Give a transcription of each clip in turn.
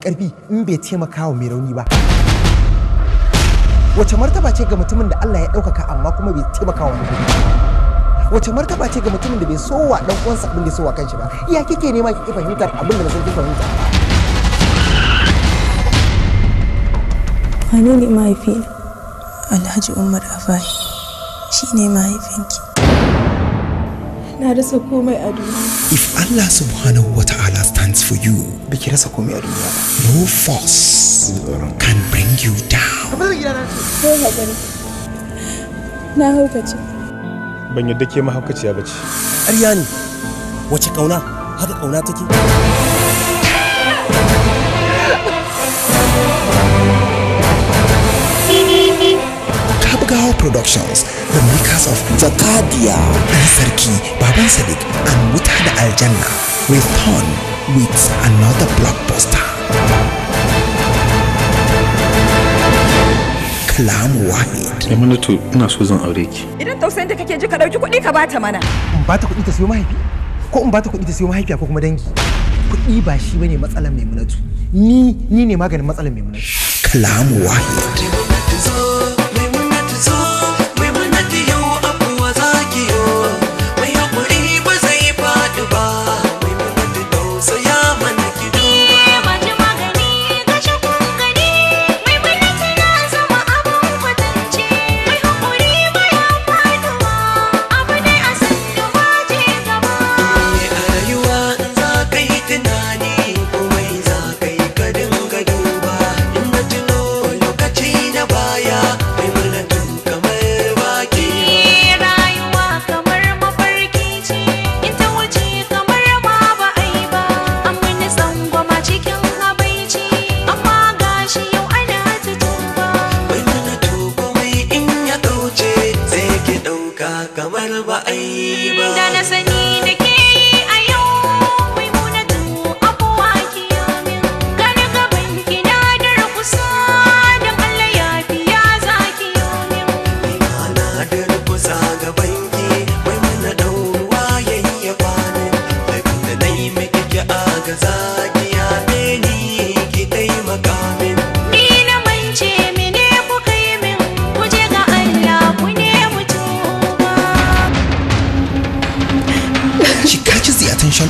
karfi in bai taimaka wa mai rauni ba wace martaba ce ga mutumin da Allah ya ɗaukaka amma kuma bai taimaka wa mutum wace martaba ce ga mutumin da bai sowa dan uwansa abin da sowa kanshi ba iya kike nema ki fahimtar abin da na san kin fahimta wane ne mahaifi Alhaji Umar Afai shi ne mahaifinki na rasa komai a duniya if Allah subhanahu wa ta'ala stands for you biki rasa komai a duniya ba no force can bring you down na haukace ban yadda ke mahaukaciya ba ce ariyani wace kauna haka kauna take Zakar Productions, the makers of Zakadia, and Sarki, Baban Sadiq, and Mutad Al Aljanna return with another blockbuster. Kalam Wahid. to, ina so zan aure ki. Idan tausayin da kake ji ka dauki kuɗi ka bata mana. In bata kuɗi ta siyo mahaifi? Ko in bata kuɗi ta siyo mahaifi? ko kuma dangi? Kuɗi ba shi bane matsalar Maimunatu. Ni ni ne maganin matsalar Maimunatu. Kalam Wahid. kamar ba ai ba da na sani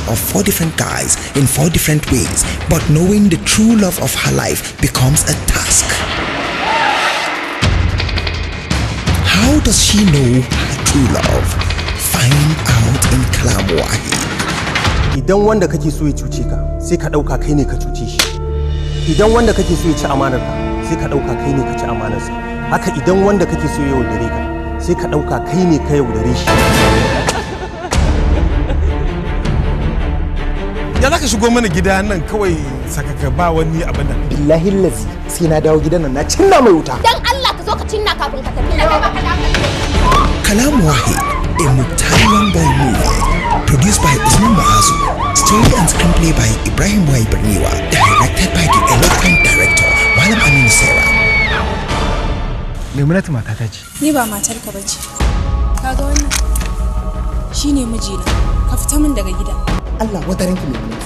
of four different guys in four different ways, but knowing the true love of her life becomes a task. How does she know her true love? Find out in Kalamuahi. He don't so ya cuce ka, sai ka ɗauka kai ne ka cuce shi. Idan wanda kake so ya ci amanarka, sai ka ɗauka kai ne ka ci amanarsa. Haka idan wanda kake so ya yaudare ka, ka ne ka ya za ka shigo mana gida nan kawai sakaka ba wani abin nan billahi lazi sai na dawo gidan nan na cinna mai wuta dan Allah ka zo ka cinna kafin ka tafi na kalam wahi a mutalian by movie produced by Usman Mahazu story and screenplay by Ibrahim Wai Berniwa directed by the eloquent director Malam Aminu Sera mata ta ce ni ba matar ka bace ga wannan shine mijina ka fita min daga gida Allah wadarin ki mai